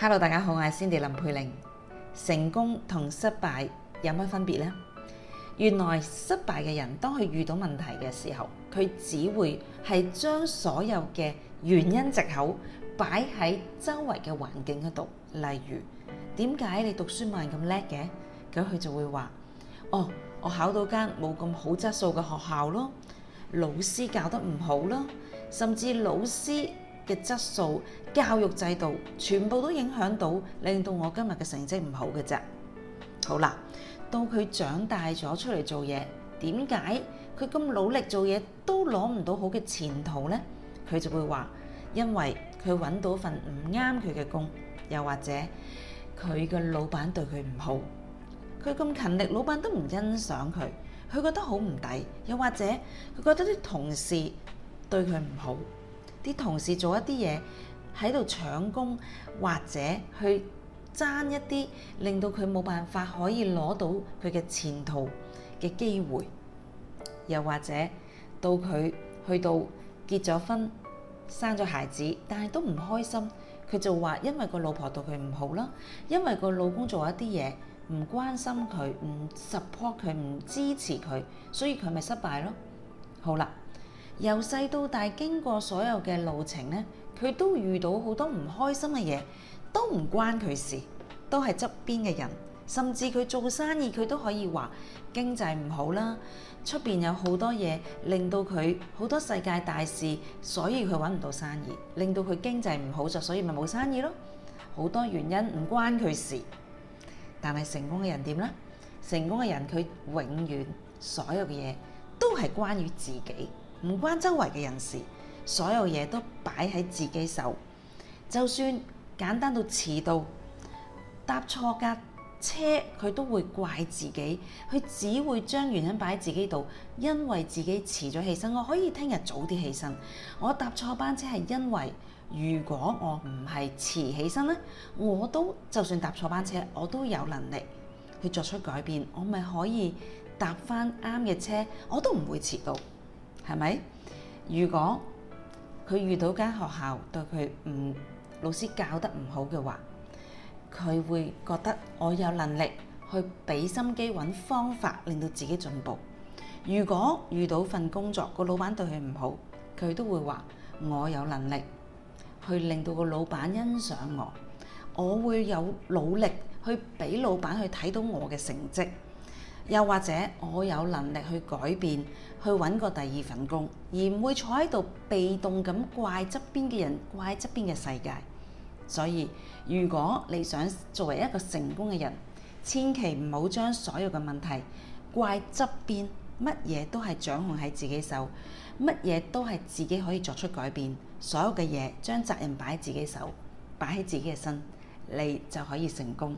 Hello，大家好，我係 Cindy 林佩玲。成功同失敗有乜分別呢？原來失敗嘅人，當佢遇到問題嘅時候，佢只會係將所有嘅原因藉口擺喺周圍嘅環境度。例如，點解你讀書慢咁叻嘅？咁佢就會話：哦，我考到間冇咁好質素嘅學校咯，老師教得唔好咯，甚至老師。嘅質素、教育制度，全部都影響到，令到我今日嘅成績唔好嘅啫。好啦，到佢長大咗出嚟做嘢，點解佢咁努力做嘢都攞唔到好嘅前途呢？佢就會話：因為佢揾到份唔啱佢嘅工，又或者佢嘅老闆對佢唔好，佢咁勤力，老闆都唔欣賞佢，佢覺得好唔抵，又或者佢覺得啲同事對佢唔好。啲同事做一啲嘢喺度搶工，或者去爭一啲令到佢冇辦法可以攞到佢嘅前途嘅機會，又或者到佢去到結咗婚、生咗孩子，但係都唔開心，佢就話因為個老婆對佢唔好啦，因為個老公做一啲嘢唔關心佢、唔 support 佢、唔支持佢，所以佢咪失敗咯。好啦。由細到大，經過所有嘅路程咧，佢都遇到好多唔開心嘅嘢，都唔關佢事，都係側邊嘅人。甚至佢做生意，佢都可以話經濟唔好啦，出邊有好多嘢令到佢好多世界大事，所以佢揾唔到生意，令到佢經濟唔好就所以咪冇生意咯。好多原因唔關佢事，但係成功嘅人點咧？成功嘅人佢永遠所有嘅嘢都係關於自己。唔關周圍嘅人事，所有嘢都擺喺自己手。就算簡單到遲到，搭錯架車，佢都會怪自己。佢只會將原因擺喺自己度，因為自己遲咗起身。我可以聽日早啲起身。我搭錯班車係因為，如果我唔係遲起身呢，我都就算搭錯班車，我都有能力去作出改變。我咪可以搭翻啱嘅車，我都唔會遲到。係咪？如果佢遇到間學校對佢唔老師教得唔好嘅話，佢會覺得我有能力去俾心機揾方法令到自己進步。如果遇到份工作個老闆對佢唔好，佢都會話我有能力去令到個老闆欣賞我。我會有努力去俾老闆去睇到我嘅成績。又或者我有能力去改變，去揾個第二份工，而唔會坐喺度被動咁怪側邊嘅人，怪側邊嘅世界。所以如果你想作為一個成功嘅人，千祈唔好將所有嘅問題怪側邊，乜嘢都係掌控喺自己手，乜嘢都係自己可以作出改變，所有嘅嘢將責任擺喺自己手，擺喺自己嘅身，你就可以成功。